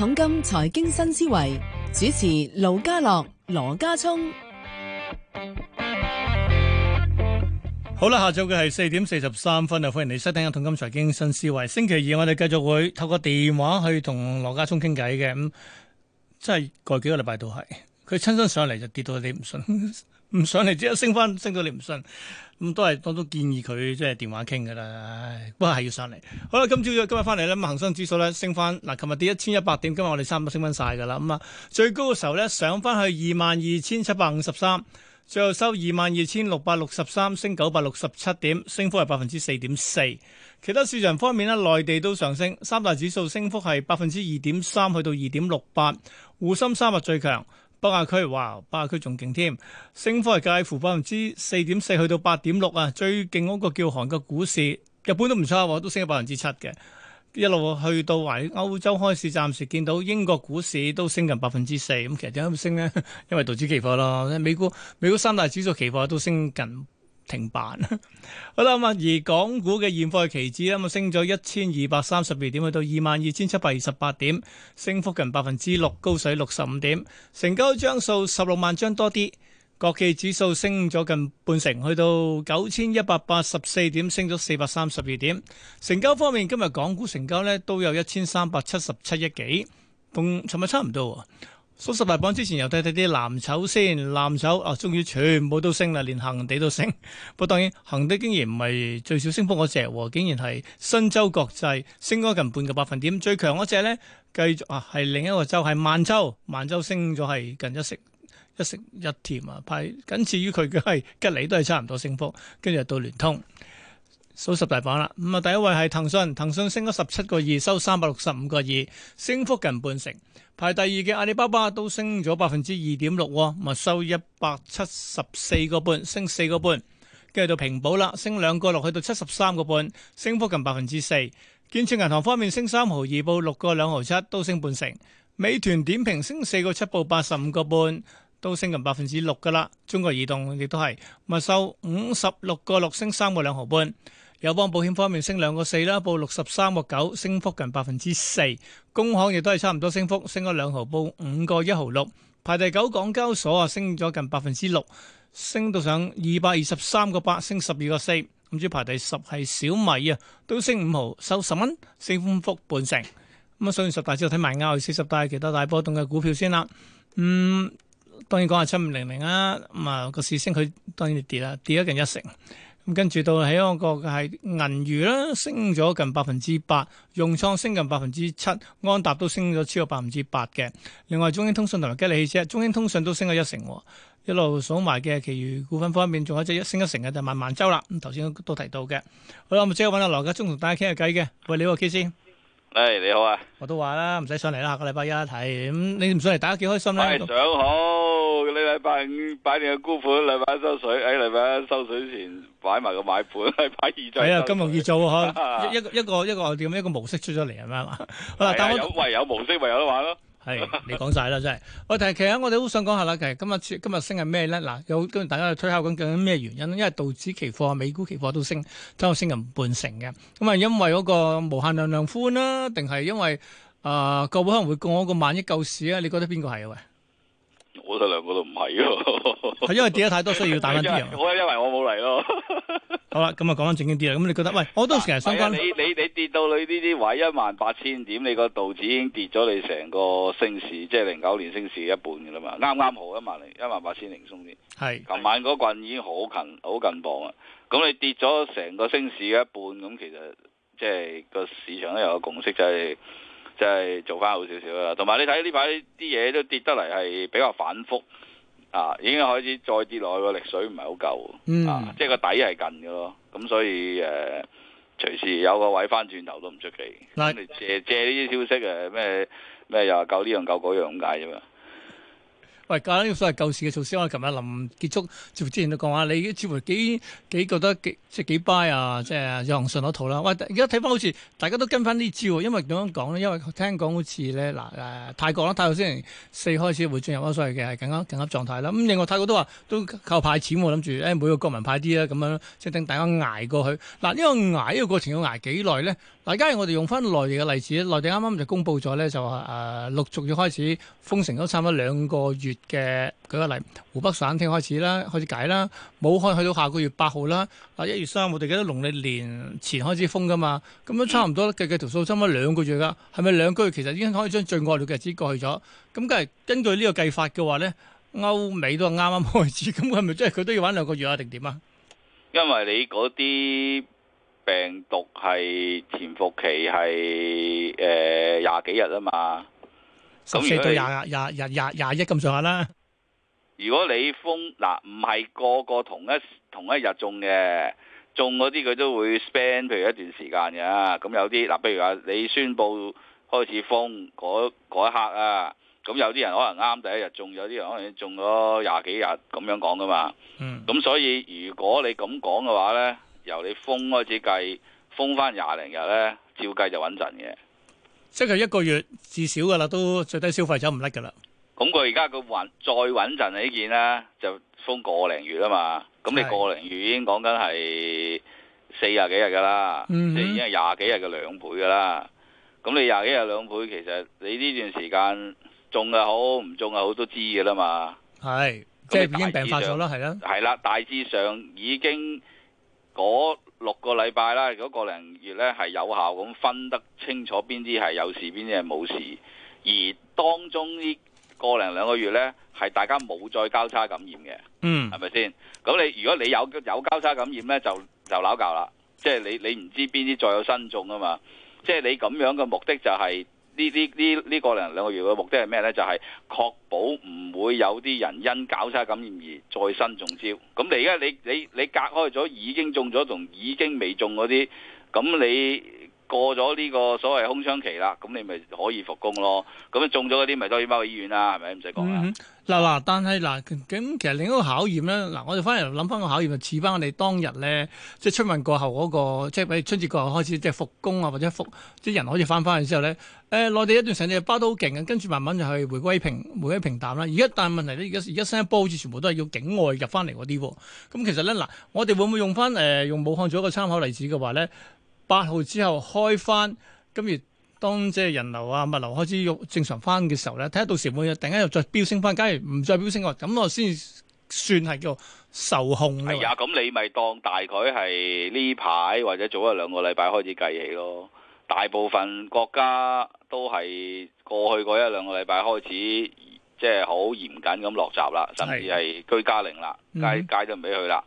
創統金財經新思維主持盧家樂、羅家聰，好啦，下晝嘅係四點四十三分啊，歡迎你收聽《統金財經新思維》。星期二我哋繼續會透過電話去同羅家聰傾偈嘅，咁即係過去幾個禮拜都係，佢親身上嚟就跌到你唔信。呵呵。唔上嚟即係升翻，升到你唔信，咁都係我都建議佢即係電話傾噶啦，不過係要上嚟。好啦，今朝今日翻嚟呢，恒生指數呢升翻，嗱，琴日跌一千一百點，今日我哋三百升翻晒噶啦，咁啊，最高嘅時候呢，上翻去二萬二千七百五十三，最後收二萬二千六百六十三，升九百六十七點，升幅係百分之四點四。其他市場方面呢，內地都上升，三大指數升幅係百分之二點三去到二點六八，滬深三百最強。北亞區話，北亞區仲勁添，升幅係介乎百分之四點四去到八點六啊！最勁嗰個叫韓國股市，日本都唔錯喎，都升咗百分之七嘅，一路去到懷歐洲開市，暫時見到英國股市都升近百分之四。咁其實點解咁升呢？因為道指期貨咯，美股美股三大指數期貨都升緊。停板， 好啦咁啊，而港股嘅現貨期指咧，咁升咗一千二百三十二點，去到二萬二千七百二十八點，升幅近百分之六，高水六十五點，成交張數十六萬張多啲。國企指數升咗近半成，去到九千一百八十四點，升咗四百三十二點。成交方面，今日港股成交呢都有一千三百七十七億幾，同尋日差唔多。數十大榜之前又睇睇啲藍籌先，藍籌啊，終於全部都升啦，連恒地都升。不過當然恒地竟然唔係最少升幅嗰隻，竟然係新洲國際升咗近半個百分點。最強嗰隻咧，繼續啊，係另一個洲，係萬洲。萬洲升咗係近一成一成一添啊，排僅次於佢嘅係吉利都係差唔多升幅，跟住到聯通。數十大榜啦。咁啊，第一位係騰訊，騰訊升咗十七個二，收三百六十五個二，升幅近半成。排第二嘅阿里巴巴都升咗百分之二點六，咪收一百七十四個半，升四個半。跟住到平保啦，升兩個六，去到七十三個半，升幅近百分之四。建設銀行方面升三毫二，報六個兩毫七，都升半成。美團點評升四個七，報八十五個半，都升近百分之六㗎啦。中國移動亦都係咪收五十六個六，升三個兩毫半。友邦保險方面升兩個四啦，報六十三個九，升幅近百分之四。工行亦都係差唔多升幅，升咗兩毫，報五個一毫六，排第九。港交所啊，升咗近百分之六，升到上二百二十三個八，升十二個四。咁唔知排第十係小米啊，都升五毫，收十蚊，升幅半成。咁啊，上完十大之後睇埋亞市四十大其他大波動嘅股票先啦。嗯，當然講下七五零零啦，咁啊個市升佢當然要跌啦，跌咗近一成。跟住到喺香港嘅係銀娛啦，升咗近百分之八，融創升近百分之七，安踏都升咗超過百分之八嘅。另外中興通訊同埋吉利汽車，中興通訊都升咗一成，哦，一路數埋嘅其餘股份方面，仲有一隻升一成嘅就慢慢萬洲啦。咁頭先都提到嘅，好啦，我哋即刻揾阿羅家聰同大家傾下偈嘅，喂，你話機先。誒，hey，你好啊！我都話啦，唔使上嚟啦，下個禮拜一睇。咁、嗯、你唔上嚟，大家幾開心咧、啊？上好，你禮拜五擺定個沽盤，禮拜一收水。喺、哎、禮拜一收水前擺埋個買盤，擺二張。係啊，咁容易做嗬？一個一個一個點一個模式出咗嚟係咪啊？好啦，但我唯有，有模式，咪有得玩咯。係、 哎、你講晒啦，真係。但係其實啊，我哋都想講下啦，其實今日今日升係咩咧？嗱，有跟大家去推敲緊究竟咩原因，因為道指期貨、美股期貨都升，都有升近半成嘅。咁啊，因為嗰個無限量量寬啦，定係因為啊，國會可能會過我個萬億救市啊？你覺得邊個係啊？ 我睇兩個都唔係咯，係 因為跌得太多，需要打溫啲人。我 因為我冇嚟咯。 好啦，咁啊講翻正經啲啦。咁、嗯、你覺得？喂，我都成日相關。啊、你你你跌到你呢啲位一萬八千點，你個道指已經跌咗你成個升市，即係零九年升市一半噶啦嘛。啱啱好一萬零一萬八千零鬆啲。係是。琴晚嗰棍已經好近好近磅啦！咁你跌咗成個升市一半，咁其實即係個市場都有個共識，就係、是、就係、是、做翻好少少啦。同埋你睇呢排啲嘢都跌得嚟，係比較反復。啊，已經開始再跌落去，個力水唔係好夠，嗯、啊，即係個底係近嘅咯，咁所以誒、呃，隨時有個位翻轉頭都唔出奇。的你借借呢啲消息誒，咩咩又話救呢樣救嗰樣咁解啫嘛。喂，教緊呢啲所謂救市嘅措施，我哋琴日臨結束節目之前都講話，你似乎幾幾覺得幾即係幾 buy 啊，即係楊信嗰套啦。喂，而家睇翻好似大家都跟翻呢招，因為點樣講咧？因為聽講好似咧，嗱誒泰國啦，泰國星期四開始會進入咗所謂嘅緊急緊急狀態啦。咁另外泰國都話都靠派錢，我諗住誒每個國民派啲啦，咁樣即係等大家捱過去。嗱、呃，因為捱呢個過程要捱幾耐咧？嗱，假如我哋用翻內地嘅例子，內地啱啱就公布咗咧，就誒、呃、陸續要開始封城咗，差唔多兩個月嘅。舉個例，湖北省先開始啦，開始解啦，武漢去到下個月八號啦，一、啊、月三號，我哋記得農曆年前開始封噶嘛。咁、嗯、都、嗯、差唔多嘅，計條數差唔多兩個月噶。係咪兩個月其實已經可以將最惡劣嘅日子過去咗？咁梗係根據呢個計法嘅話咧，歐美都係啱啱開始，咁佢係咪即係佢都要玩兩個月啊？定點啊？因為你嗰啲。病毒係潛伏期係誒廿幾日啊嘛，十四到廿廿廿廿廿一咁上下啦。如果你封嗱唔係個個同一同一日中嘅，中嗰啲佢都會 spend 譬如一段時間嘅。咁有啲嗱、啊，譬如話你宣布開始封嗰一刻啊，咁有啲人可能啱第一日中，有啲人可能中咗廿幾日咁樣講噶嘛。咁、嗯、所以如果你咁講嘅話咧，由你封開始計，封翻廿零日咧，照計就穩陣嘅。即係一個月至少噶啦，都最低消費走唔甩噶啦。咁佢而家個穩再穩陣呢件咧，就封個零月啊嘛。咁你個零月已經講緊係四廿幾日噶啦，即係是已經係廿幾日嘅兩倍噶啦。咁、嗯、哼你廿幾日兩倍，其實你呢段時間中又好，唔中又好都知噶啦嘛。係即係已經病發咗啦，係啦，係啦的，大致上已經。嗰六個禮拜啦，如果個零月咧係有效咁分得清楚邊啲係有事，邊啲係冇事。而當中呢個零兩個月咧，係大家冇再交叉感染嘅。嗯，係咪先？咁你如果你有有交叉感染咧，就就鬧交啦，即係你你唔知邊啲再有新種啊嘛，即係你咁樣嘅目的就係。呢啲呢呢個兩、這個、兩個月嘅目的係咩咧？就係、是、確保唔會有啲人因交叉感染而再新中招。咁你而家你你你隔開咗已經中咗同已經未中嗰啲，咁你，過咗呢個所謂空窗期啦，咁你咪可以復工咯。咁啊中咗嗰啲咪當然包去醫院啦，係咪唔使講啦？嗱嗱、嗯，但係嗱咁其實另一個考驗咧，嗱我哋翻嚟諗翻個考驗就似翻我哋當日咧，即係春運過後嗰、嗰個，即係譬如春節過後開始即係復工啊，或者復即人可以翻翻去之後咧，誒內地一段成日包都好勁嘅，跟住慢慢就係回歸平迴歸平淡啦。而家但係問題咧，而家而家新一波好似全部都係要境外入翻嚟嗰啲喎。咁其實咧嗱，我哋會唔會用翻誒用武漢做一個參考例子嘅話咧？八號之後開翻，今月當即係人流啊、物流開始喐正常翻嘅時候呢，睇下到時會唔會突然間又再飆升翻？假如唔再飆升嘅話，咁我先算係叫受控。係啊、哎，咁你咪當大概係呢排或者早一兩個禮拜開始計起咯。大部分國家都係過去嗰一兩個禮拜開始，即係好嚴謹咁落閘啦，甚至係居家令啦，街街都唔俾佢啦。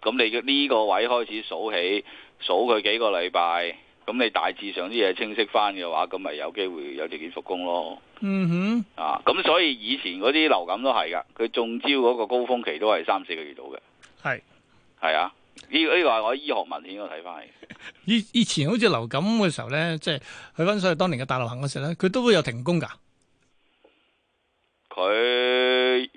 咁你呢個位開始數起。.數佢幾個禮拜，咁你大致上啲嘢清晰翻嘅話，咁咪有機會有條件復工咯。嗯哼，啊，咁所以以前嗰啲流感都係噶，佢中招嗰個高峰期都係三四個月度嘅。係是，係啊，呢、這、呢個係、這個、我醫學文獻我睇翻以以前好似流感嘅時候呢，即、就、係、是、去溫所以當年嘅大流行嗰時候呢，佢都會有停工噶。佢。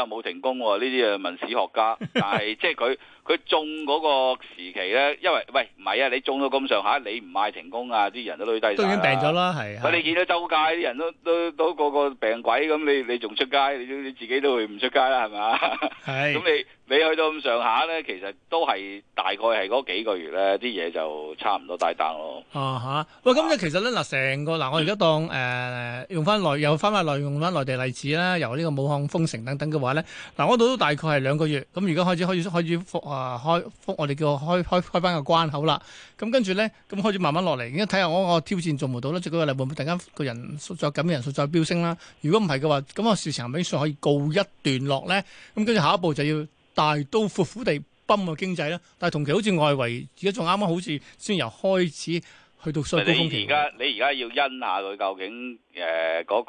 又冇停工喎，呢啲啊文史學家，但係即係佢佢中嗰個時期咧，因為喂唔係啊，你中咗咁上下，你唔賣停工啊，啲人都累低。都已經病咗啦，係。咁你見到周街啲人都都都個個病鬼咁，你你仲出街？你你自己都會唔出街啦，係咪啊？係。咁你。你去到咁上下咧，其實都係大概係嗰幾個月咧，啲嘢就差唔多大單咯。啊嚇哈！喂哇，咁即係其實咧嗱，成個嗱，我而家當誒、呃、用翻內又翻翻內用翻內地例子啦，由呢個武漢封城等等嘅話咧，嗱我度都大概係兩個月，咁而家開始可以，可以、啊、開始復啊開復，我哋叫開開開翻個關口啦。咁跟住咧，咁開始慢慢落嚟，咁睇下我個挑戰做唔到咧，就嗰個禮會唔會突然間個人數再咁嘅人數再飆升啦？如果唔係嘅話，咁個事情可唔可以告一段落咧？咁跟住下一步就要。大刀闊斧地崩個經濟咧，但係同期好似外圍而家仲啱啱好似先由開始去到上高峰期。而家你而家要因下佢究竟誒嗰、呃嗰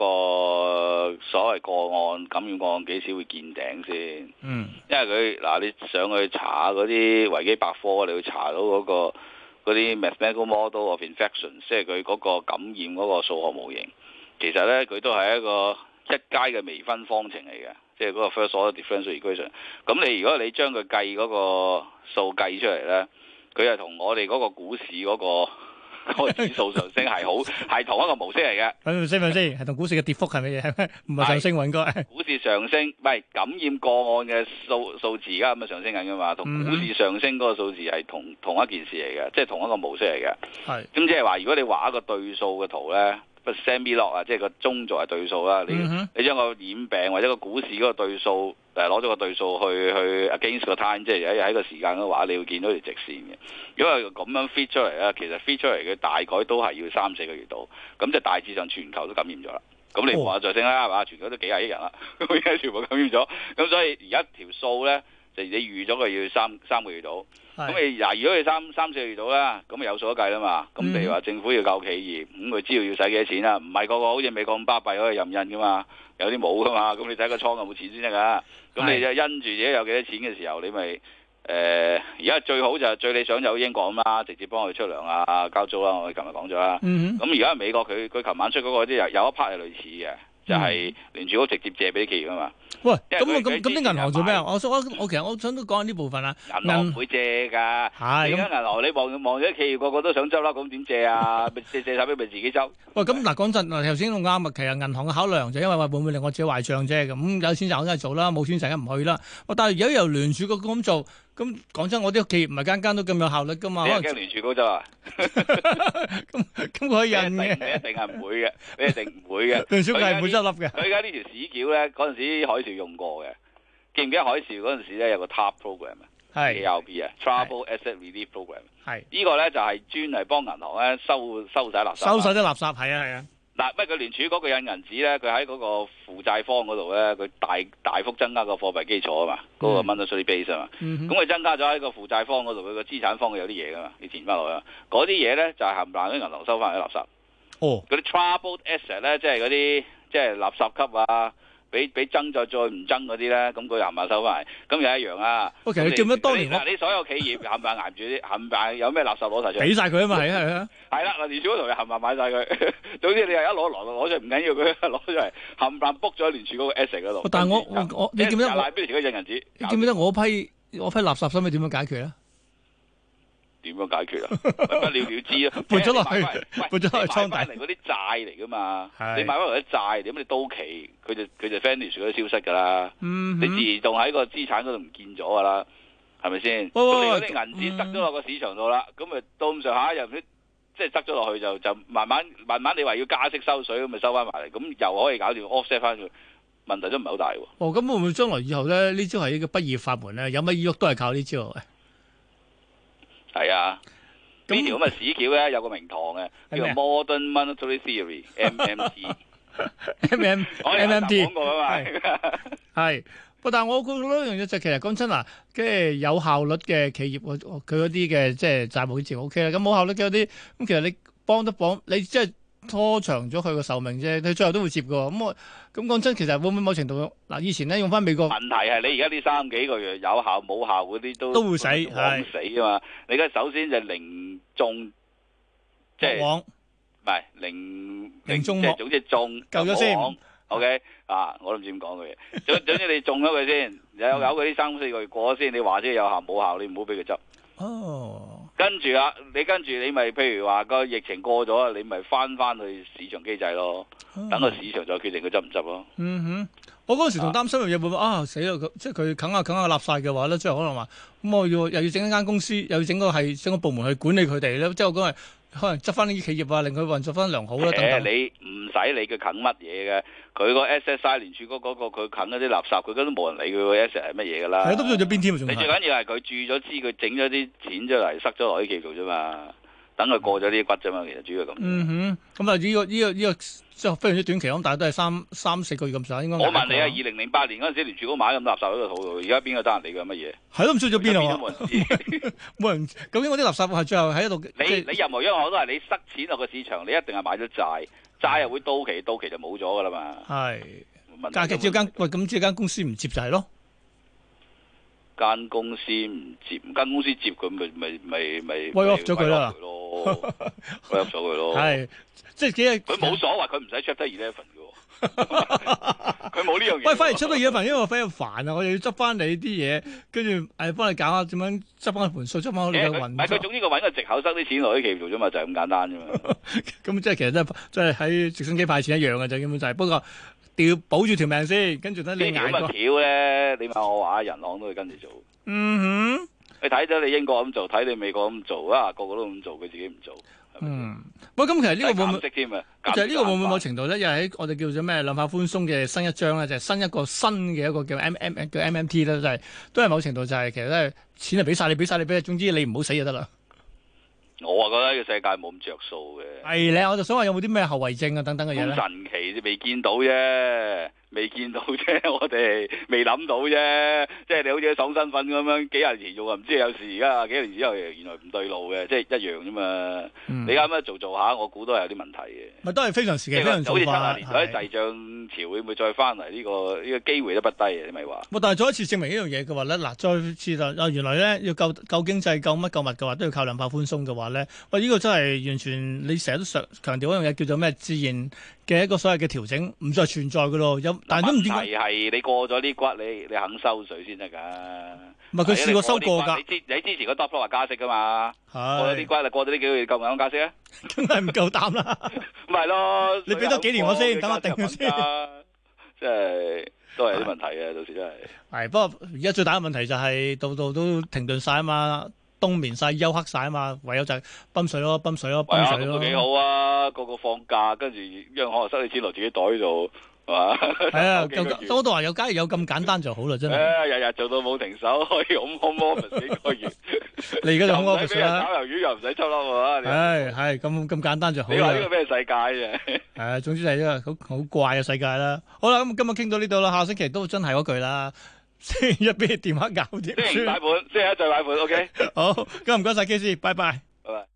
個所謂個案感染個案幾時會見頂先？嗯，因為佢嗱，你上去查嗰啲維基百科，你會查到嗰、嗰個嗰啲 mathematical model of infection，即係佢嗰個感染嗰個數學模型，其實咧佢都係一個一階嘅微分方程嚟嘅。即係嗰個 first order differential equation。咁你如果你將佢計嗰個數計出嚟咧，佢係同我哋嗰個股市嗰、那個、那個、指數上升係好係 同一個模式嚟嘅。係咪先？係同股市嘅跌幅係咪？唔 係上升應該。股市上升，唔係感染個案嘅數數字而家咁樣上升緊嘅嘛？同股市上升嗰個數字係同同一件事嚟嘅，即、就、係、是、同一個模式嚟嘅。係是。咁即係話，如果你畫一個對數嘅圖咧。percent 啊，即係、就是、個中座係對數啦。你你將個染病或者個股市嗰個對數攞咗個對數去去 against 個 time，即係喺喺個時間嘅話，你會見到條直線嘅。如果係咁樣 fit 出嚟咧，其實 fit 出嚟嘅大概都係要三四個月度。咁就大致上全球都感染咗啦。咁你唔好話再升啦，係嘛？全球都幾廿億人啦，而 家全部感染咗。咁所以而家條數咧，就是、你預咗佢要三三個月度。咁你嗱，是嗯、如果佢三三四月到啦，咁啊有數得計啦嘛。咁譬如話，政府要救企業，咁佢知道要使幾多錢啦、啊。唔係個個好似美國咁巴閉，可以任印嘅嘛，有啲冇噶嘛。咁你睇個倉有冇錢先得㗎。咁你就因住自己有幾多錢嘅時候，你咪誒而家最好就係、最理想就英國咁嘛，直接幫佢出糧啊，交租啦、啊。我哋琴日講咗啦。咁而家美國佢佢琴晚出嗰、那個啲又有一 part 係類似嘅，就係、係、聯儲局直接借俾企業啊嘛。喂，咁我咁咁啲銀行做咩啊？我我我其實我想都講下呢部分啦。銀行唔會借㗎，係咁。銀行你望望咗企業個個都想執笠，咁點借啊？借借曬俾咪自己執？喂，咁嗱，講真嗱，頭先都啱啊。其實銀行嘅考量就因為話會唔會令我自己壞帳啫咁。有錢就喺度做啦，冇錢就一唔去啦。我但係如果由聯儲局咁做，咁講真，我啲企業唔係間間都咁有效率㗎嘛。你驚聯儲局啫嘛？咁佢印嘅，你一定係唔會嘅，你一定唔會嘅。聯儲局係唔會執笠嘅。佢而家呢條市橋咧，嗰陣時海選。用過嘅，記唔記得海嘯嗰陣時咧有個 TARP Program 啊，TARP 啊 Troubled Asset Relief Program。係呢的個咧就係專係幫銀行咧收收曬垃圾。收晒啲垃圾係啊係啊。嗱，不過聯儲嗰個印銀紙咧，佢喺嗰個負債方嗰度咧，佢大大幅增加個貨幣基礎啊嘛，嗰、嗰個 Monetary Base 啊嘛。咁佢、嗯、哼增加咗喺個負債方嗰度，佢、個資產方有啲嘢噶嘛，你填翻落去。嗰啲嘢咧就係冚唪唥啲銀行收翻啲垃圾。哦，嗰啲 Troubled Asset 咧即係嗰啲即係垃圾級啊。俾俾爭再再唔爭嗰啲咧，咁佢又冚唪唥收翻咁又一樣啊！Okay，我其們實你做乜多年啦？你所有企業冚唪唥捱住啲，冚唪唥有咩垃圾攞晒出嚟？俾晒佢啊嘛，係啊係啊！係啦，連柱嗰頭又冚唪唥買晒佢，總之你又一攞攞攞出嚟唔緊要，佢攞出嚟冚唪唥 book 咗喺連柱嗰個 S 型嗰度。但係樣我我你記得我，啊、我批我批垃圾收尾點樣解決咧？點樣解決啊？咁 了了之啊！搬咗落去，搬咗 去買翻嚟嗰啲債嚟噶嘛？是你買翻嚟啲債，點解你到期佢就佢就 vanish 啲消失噶啦？嗯、哼你自動喺個資產嗰度唔見咗噶啦，係咪先？哦，如你銀紙得咗落個市場度啦，咁咪到咁上下又唔知即係得咗落去就就慢慢慢慢你話要加息收水咁咪收翻埋嚟，咁又可以搞掂 offset 翻佢問題都唔係好大。哦，咁會唔會將來以後咧呢招係一個不二法門咧？有乜依喐都係靠呢招。係啊，呢條咁嘅屎橋咧，有個名堂嘅，叫做 Modern Monetary Theory（MMT） 。M.M. 講 M.M.T. 過啦嘛， 係，不過但係我覺得一樣嘢就係，其實講真啦，即係有效率嘅企業，佢嗰啲嘅即係債務好似 OK 啦，咁冇效率嘅嗰啲，咁其實你幫得幫，你即係。拖長咗佢個壽命啫，佢最後都會接㗎。咁我咁講真，其實會唔會某程度嗱？以前咧用翻美國，問題係你而家呢三幾個月有效冇效嗰啲都都會死，枉死啊嘛！是你而家首先就零中，即係枉唔係零即零種，即係總之中，夠咗先。OK 啊，我都唔知點講佢嘢。總 總之你中咗佢先，有有佢啲三四個月過咗先，你話先有效冇效，你唔好俾佢執。哦。 oh. 跟住啊，你跟住你咪，譬如話個疫情過咗，你咪翻翻去市場機制咯，等個市場再決定佢執唔執咯。嗯哼，我嗰時同擔心嘅嘢會唔會啊死啦！即係佢啃下啃下立晒嘅話咧，即係可能話咁我要又要整一間公司，又要整個係整個部門去管理佢哋咧，即係我講係。可能執翻啲企業啊，令佢運作翻良好啦，但係，欸、你唔使理佢啃乜嘢嘅，佢個 SSI 聯署嗰個佢啃嗰啲垃圾，佢嗰都冇人理佢，S 係乜嘢噶啦。係都到咗邊添，你最緊要係佢注咗資，佢整咗啲錢出嚟，塞咗落啲企度啫嘛。等佢過咗呢啲骨啫嘛，其實主要咁。嗯哼，咁啊呢個呢、呢個呢、呢個即係非常之短期咁，但係都係三三四個月咁曬，應該 3, 3,。應該我問你啊，二零零八年嗰陣時，聯儲買咁垃圾喺個肚度，而家邊個得人理佢乜嘢？係咯，咁出咗邊啊？冇人知，冇人。究竟嗰啲垃圾係最後喺度？你、就是、你，你任何一樣我都係你塞錢落個市場，你一定係買咗債，債又會到期，到期就冇咗噶啦嘛。係的，但係之間喂咁，之間的公司唔接債咯。間公司唔接，間公司接佢咪咪咪咪屈咗佢啦，屈咗佢咯，屈咗佢咯。係，即係幾啊？佢冇所謂，佢唔使 check 得 eleven 嘅。佢冇呢樣嘢。 喂，反而 check 得 eleven，因為我非常煩啊，我又要執翻你啲嘢，跟住誒幫你搞下點樣，執翻盤數，執翻啲嘢運。但係佢總之個揾個藉口，收啲錢落企業度啫嘛，就係咁簡單啫嘛。咁即係其實即係即係喺直升機派錢一樣嘅，就根本就係，不過。要保住條命先，跟住得呢眼咁啊！屌咧，你問我話，人行都會跟住做。嗯哼，你睇咗你英國咁做，睇你美國咁做啦，個個都咁做，佢自己唔做。嗯，喂，咁其實呢個會唔會就係呢個會唔會某程度咧？又係喺我哋叫做咩量化寬鬆嘅新一章咧，就係新一個新嘅一個叫 M M 叫 M M T 咧，就係都係某程度就係其實都係錢係俾晒，你俾晒，你俾，總之你唔好死就得啦。我覺得呢個世界冇咁着數嘅，係咧、哎，我就想話有冇啲咩後遺症啊等等嘅嘢咧？咁神奇啫，未見到啫。未見到啫，我哋未諗到啫。即係你好似爽身粉咁樣幾廿年做用啊，唔知有時而家幾年之後原來唔對路嘅，即係一樣啫嘛。你啱啱做一做下，我估都係有啲問題嘅。咪都係非常時期，非常好似七八年嗰啲滯脹潮會唔會再翻嚟？呢個呢個機會都不低啊！你咪話。但係再一次證明一樣嘢嘅話咧，嗱，再次就原來咧要救救經濟、救乜救物嘅話，都要靠量化寬鬆嘅話咧，喂，呢、呢個真係完全你成日都強強調嗰樣嘢叫做咩？自然嘅一個所謂嘅調整唔再存在嘅咯，但都唔知係你過咗呢骨，你你肯收水先得噶。唔係佢試過收過噶，你之前個 double 加息噶嘛？過咗呢關，過咗呢幾個月夠唔夠加息啊？梗係唔夠膽啦，唔係 咯？水 你俾多幾年我先，的等我定先。即係都係啲問題嘅，是到時真係。係不過而家最大嘅問題就係、是、到度都停頓晒啊嘛，冬眠晒、休克晒啊嘛，唯有就係泵水咯，泵水咯，哎、泵水咯。咁都幾好啊！個個放假，跟住可能收你錢落自己袋度。係啊，多到話有，假如有咁簡單就好啦，真係。誒，日日做到冇停手，可以摸摸摸幾個月。你而家就摸個月啦。炒魷魚又唔使出笠，係嘛？係係咁咁簡單就好啦。你話呢個咩世界啫？係啊，總之就係一個好好怪嘅世界啦。好啦，咁今日傾到呢度啦，下星期都真係嗰句啦，一邊電話搞掂，先擺盤，先一再擺盤，OK。好，多唔該晒，K 先，拜拜。拜拜。